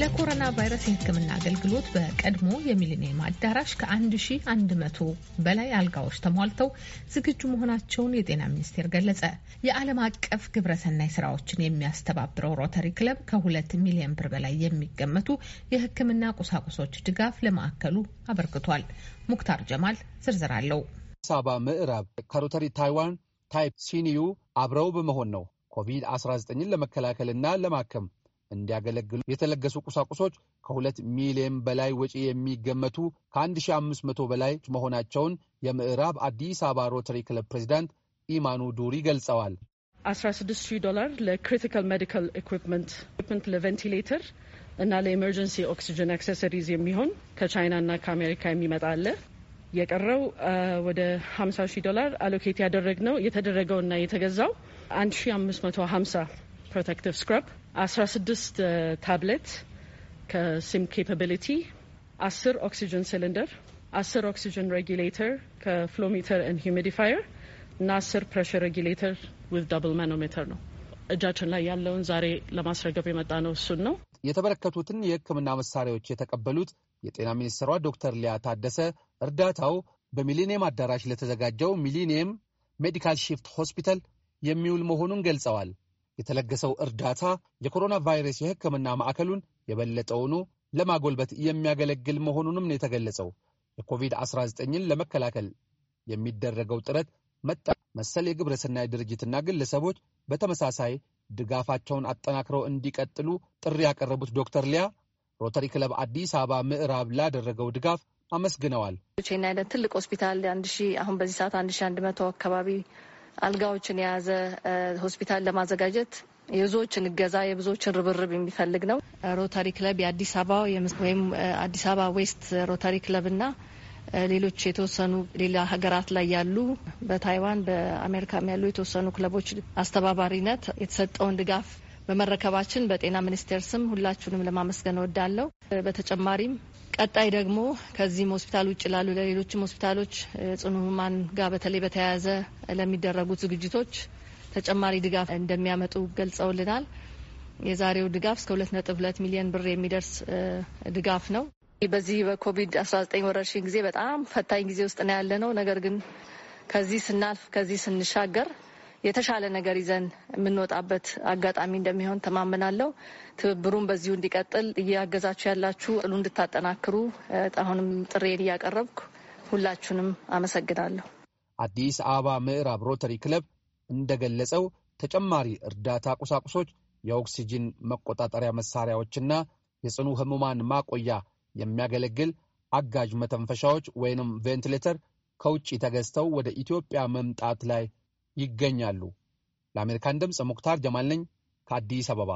ለኮሮና ቫይረስ የሕክምና አገልግሎት በቀድሞ የሚሊኒየም አዳራሽ ከ1100 በላይ አልጋዎች ተሟልተው ዝግጁ መሆናቸውን የጤና ሚኒስቴር ገለጸ። የዓለም አቀፍ ግብረሰናይ ስራዎችን የሚያስተባብረው ሮተሪ ክለብ ከሁለት ሚሊዮን ብር በላይ የሚገመቱ የሕክምና ቁሳቁሶች ድጋፍ ለማዕከሉ አበርክቷል። ሙክታር ጀማል ዝርዝር አለው። ሳባ ምዕራብ ከሮተሪ ታይዋን ታይፕ ሲኒዩ አብረው በመሆን ነው ኮቪድ-19ን ለመከላከልና ለማከም እንዲያገለግሉ የተለገሱ ቁሳቁሶች ከሁለት ሚሊዮን በላይ ወጪ የሚገመቱ ከ1500 በላይ መሆናቸውን የምዕራብ አዲስ አበባ ሮተሪ ክለብ ፕሬዚዳንት ኢማኑ ዱሪ ገልጸዋል። 160 ዶላር ለክሪቲካል ሜዲካል ኢኩፕመንት ለቬንቲሌተር እና ለኤመርጀንሲ ኦክሲጅን አክሰሰሪዝ የሚሆን ከቻይና እና ከአሜሪካ የሚመጣ አለ። የቀረው ወደ 50 ዶላር አሎኬት ያደረግነው የተደረገውና የተገዛው 1550 ፕሮቴክቲቭ ስክራፕ 16 ታብሌት ከሲም ኬፓቢሊቲ፣ 10 ኦክሲጅን ሲሊንደር፣ 10 ኦክሲጅን ሬጊሌተር ከፍሎሜተር ን ሂሚዲፋየር እና 10 ፕሬሽር ሬጊሌተር ዊዝ ዳብል ማኖሜተር ነው። እጃችን ላይ ያለውን ዛሬ ለማስረገብ የመጣ ነው። እሱን ነው የተበረከቱትን የሕክምና መሳሪያዎች የተቀበሉት የጤና ሚኒስትሯ ዶክተር ሊያ ታደሰ እርዳታው በሚሊኒየም አዳራሽ ለተዘጋጀው ሚሊኒየም ሜዲካል ሺፍት ሆስፒታል የሚውል መሆኑን ገልጸዋል። የተለገሰው እርዳታ የኮሮና ቫይረስ የሕክምና ማዕከሉን የበለጠውኑ ለማጎልበት የሚያገለግል መሆኑንም ነው የተገለጸው። የኮቪድ-19ን ለመከላከል የሚደረገው ጥረት መጣ መሰል የግብረ ሰናይ ድርጅትና ግለሰቦች በተመሳሳይ ድጋፋቸውን አጠናክረው እንዲቀጥሉ ጥሪ ያቀረቡት ዶክተር ሊያ ሮተሪ ክለብ አዲስ አበባ ምዕራብ ላደረገው ድጋፍ አመስግነዋል። ቼና አይነት ትልቅ ሆስፒታል አንድ አሁን በዚህ ሰዓት አንድ አንድ መቶ አካባቢ አልጋዎችን የያዘ ሆስፒታል ለማዘጋጀት የብዙዎችን እገዛ የብዙዎችን ርብርብ የሚፈልግ ነው። ሮታሪ ክለብ የአዲስ አበባ ወይም አዲስ አበባ ዌስት ሮታሪ ክለብና ሌሎች የተወሰኑ ሌላ ሀገራት ላይ ያሉ በታይዋን በአሜሪካም ያሉ የተወሰኑ ክለቦች አስተባባሪነት የተሰጠውን ድጋፍ በመረከባችን በጤና ሚኒስቴር ስም ሁላችሁንም ለማመስገን እወዳለሁ። በተጨማሪም ቀጣይ ደግሞ ከዚህም ሆስፒታል ውጭ ላሉ ለሌሎችም ሆስፒታሎች ጽኑ ህሙማን ጋር በተለይ በተያያዘ ለሚደረጉት ዝግጅቶች ተጨማሪ ድጋፍ እንደሚያመጡ ገልጸውልናል። የዛሬው ድጋፍ እስከ ሁለት ነጥብ ሁለት ሚሊዮን ብር የሚደርስ ድጋፍ ነው። በዚህ በኮቪድ-19 ወረርሽኝ ጊዜ በጣም ፈታኝ ጊዜ ውስጥ ነው ያለ ነው። ነገር ግን ከዚህ ስናልፍ ከዚህ ስንሻገር የተሻለ ነገር ይዘን የምንወጣበት አጋጣሚ እንደሚሆን ተማምናለሁ። ትብብሩን በዚሁ እንዲቀጥል እያገዛችሁ ያላችሁ ጥሉ እንድታጠናክሩ አሁንም ጥሬን እያቀረብኩ ሁላችሁንም አመሰግናለሁ። አዲስ አበባ ምዕራብ ሮተሪ ክለብ እንደገለጸው ተጨማሪ እርዳታ ቁሳቁሶች፣ የኦክሲጂን መቆጣጠሪያ መሳሪያዎችና የጽኑ ህሙማን ማቆያ የሚያገለግል አጋዥ መተንፈሻዎች ወይንም ቬንቲሌተር ከውጭ ተገዝተው ወደ ኢትዮጵያ መምጣት ላይ ይገኛሉ። ለአሜሪካን ድምፅ ሙክታር ጀማል ነኝ ከአዲስ አበባ።